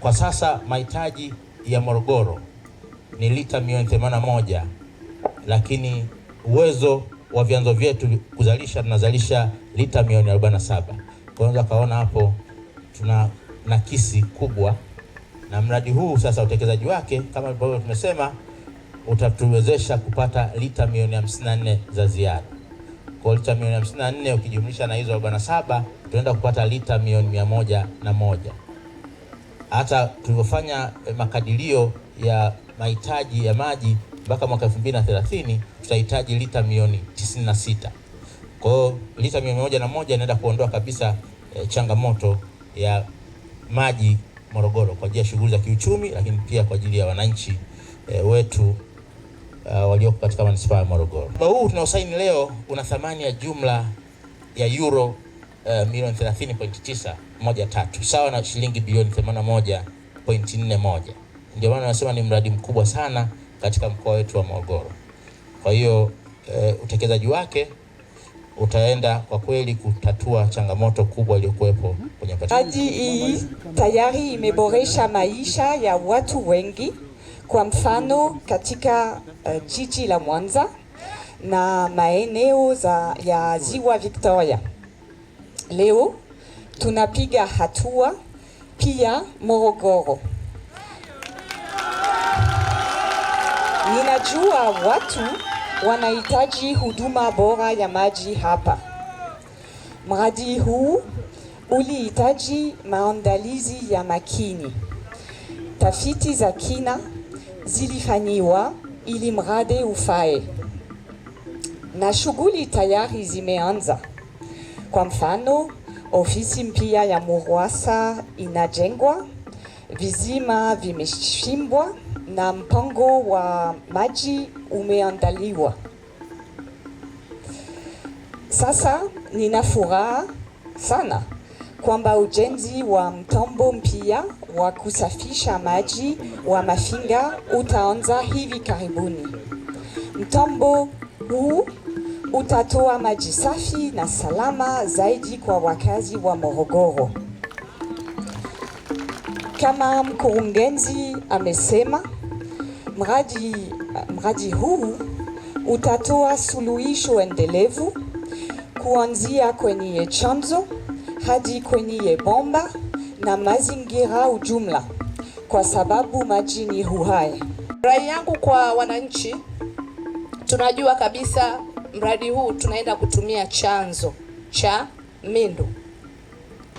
Kwa sasa mahitaji ya Morogoro ni lita milioni 81, lakini uwezo wa vyanzo vyetu kuzalisha tunazalisha lita milioni 47. Unaweza kaona hapo tuna nakisi kubwa, na mradi huu sasa utekelezaji wake kama ambavyo tumesema utatuwezesha kupata lita milioni 54 za ziada. Kwa lita milioni 54 ukijumlisha na hizo 47 tunaenda kupata lita milioni 101 hata tulivyofanya eh, makadirio ya mahitaji ya maji mpaka mwaka 2030 tutahitaji lita milioni 96. Kwa hiyo lita milioni moja na moja inaenda kuondoa kabisa e, changamoto ya maji Morogoro kwa ajili ya shughuli za kiuchumi, lakini pia kwa ajili ya wananchi e, wetu uh, walioko katika manispaa ya Morogoro. Huu tunaosaini leo una thamani ya jumla ya euro uh, milioni 30.913 sawa na shilingi bilioni 81.41. Ndio maana nasema ni mradi mkubwa sana katika mkoa wetu wa Morogoro. Kwa hiyo uh, utekelezaji wake utaenda kwa kweli kutatua changamoto kubwa iliyokuwepo kwenye miradi hii. Tayari imeboresha maisha ya watu wengi, kwa mfano katika uh, jiji la Mwanza na maeneo za ya Ziwa Victoria leo tunapiga hatua pia Morogoro. Ninajua watu wanahitaji huduma bora ya maji hapa. Mradi huu ulihitaji maandalizi ya makini. Tafiti za kina zilifanyiwa ili mradi ufae, na shughuli tayari zimeanza. Kwa mfano, ofisi mpya ya MURWASA inajengwa, vizima vimeshimbwa na mpango wa maji umeandaliwa. Sasa nina furaha sana kwamba ujenzi wa mtambo mpya wa kusafisha maji wa Mafinga utaanza hivi karibuni. Mtambo huu utatoa maji safi na salama zaidi kwa wakazi wa Morogoro. Kama mkurugenzi amesema, mradi mradi huu utatoa suluhisho endelevu kuanzia kwenye chanzo hadi kwenye bomba na mazingira ujumla, kwa sababu maji ni uhai. Rai yangu kwa wananchi, tunajua kabisa mradi huu tunaenda kutumia chanzo cha Mindu.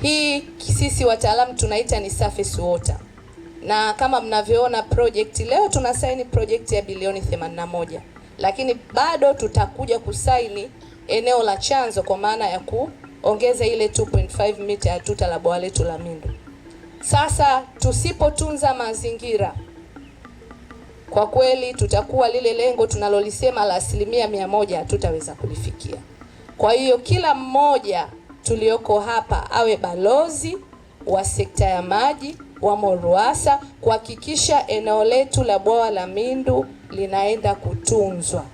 Hii sisi wataalamu tunaita ni surface water, na kama mnavyoona project leo tunasaini project ya bilioni 81, lakini bado tutakuja kusaini eneo la chanzo kwa maana ya kuongeza ile 2.5 mita ya tuta la bwawa letu la Mindu. Sasa tusipotunza mazingira kwa kweli tutakuwa lile lengo tunalolisema la asilimia mia moja tutaweza kulifikia. Kwa hiyo kila mmoja tulioko hapa awe balozi wa sekta ya maji wa MORUWASA kuhakikisha eneo letu la bwawa la Mindu linaenda kutunzwa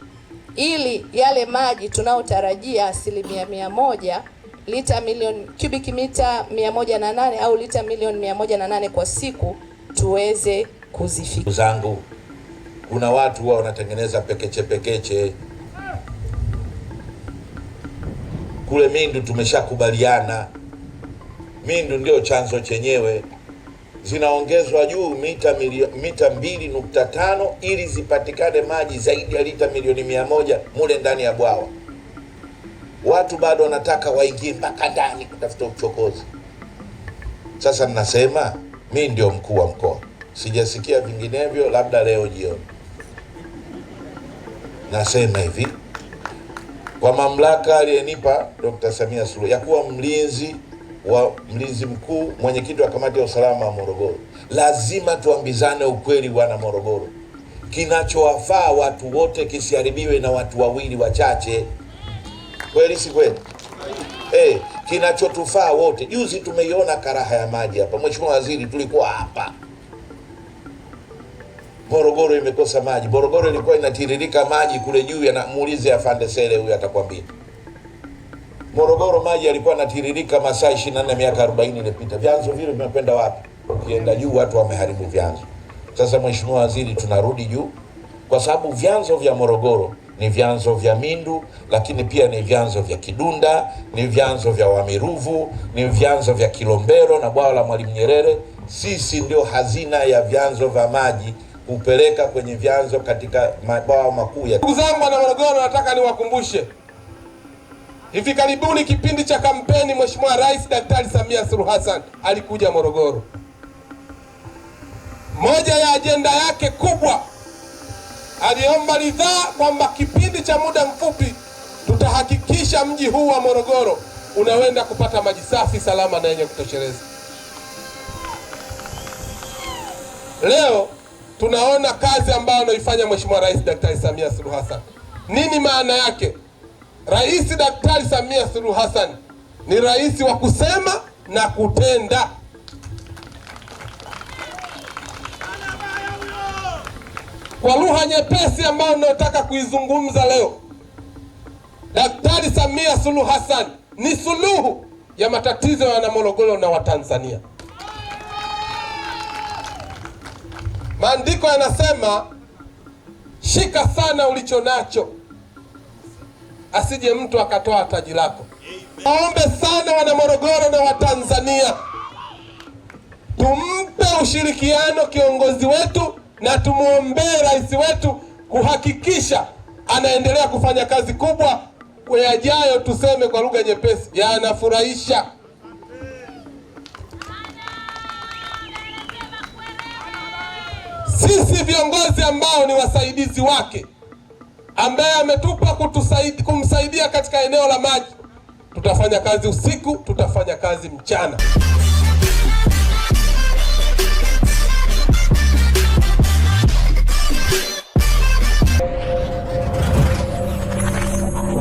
ili yale maji tunayotarajia asilimia mia moja lita milioni kubiki mita mia moja na nane au lita milioni mia moja na nane kwa siku tuweze kuzifika. zangu kuna watu huwa wanatengeneza pekeche pekeche kule Mindu. Tumeshakubaliana Mindu ndio chanzo chenyewe, zinaongezwa juu mita milio, mita mbili nukta tano ili zipatikane maji zaidi ya lita milioni mia moja mule ndani ya bwawa. Watu bado wanataka waingie mpaka ndani kutafuta uchokozi. Sasa ninasema mi ndio mkuu wa mkoa, sijasikia vinginevyo, labda leo jioni. Nasema hivi kwa mamlaka aliyenipa Dr. Samia Suluhu ya kuwa mlinzi wa mlinzi mkuu, mwenyekiti wa kamati ya usalama wa Morogoro, lazima tuambizane ukweli, wana Morogoro. Kinachowafaa watu wote kisiharibiwe na watu wawili wachache. Kweli si kweli? Hey, eh, kinachotufaa wote. Juzi tumeiona karaha ya maji hapa, Mheshimiwa Waziri, tulikuwa hapa. Morogoro imekosa maji. Morogoro ilikuwa inatiririka maji kule juu, yanamuulize afande Sele, huyu atakwambia. Morogoro maji yalikuwa yanatiririka masaa 24 miaka 40 iliyopita. Vyanzo vile vimekwenda wapi? Ukienda juu, watu wameharibu vyanzo. Sasa Mheshimiwa Waziri, tunarudi juu kwa sababu vyanzo vya Morogoro ni vyanzo vya Mindu, lakini pia ni vyanzo vya Kidunda, ni vyanzo vya Wamiruvu, ni vyanzo vya Kilombero na bwawa la Mwalimu Nyerere. Sisi ndio hazina ya vyanzo vya maji kupeleka kwenye vyanzo katika mabwawa makuu ya. Ndugu zangu wana Morogoro, nataka niwakumbushe hivi karibuni, kipindi cha kampeni, Mheshimiwa Rais Daktari Samia Suluhu Hassan alikuja Morogoro. Moja ya ajenda yake kubwa aliomba ridhaa kwamba kipindi cha muda mfupi tutahakikisha mji huu wa Morogoro unaenda kupata maji safi, salama na yenye kutosheleza. Leo tunaona kazi ambayo anaifanya Mheshimiwa Rais Daktari Samia Suluhu Hassan. Nini maana yake? Rais Daktari Samia Suluhu Hassan ni rais wa kusema na kutenda. Kwa lugha nyepesi ambayo ninayotaka kuizungumza leo, Daktari Samia Suluhu Hassan ni suluhu ya matatizo ya wanamorogoro na Watanzania. Maandiko yanasema shika sana ulicho nacho, asije mtu akatoa taji lako. Waombe sana wana Morogoro na Watanzania, tumpe ushirikiano kiongozi wetu na tumwombee rais wetu kuhakikisha anaendelea kufanya kazi kubwa. Yajayo tuseme kwa lugha nyepesi, yanafurahisha. sisi viongozi ambao ni wasaidizi wake, ambaye ametupa kumsaidia katika eneo la maji, tutafanya kazi usiku, tutafanya kazi mchana.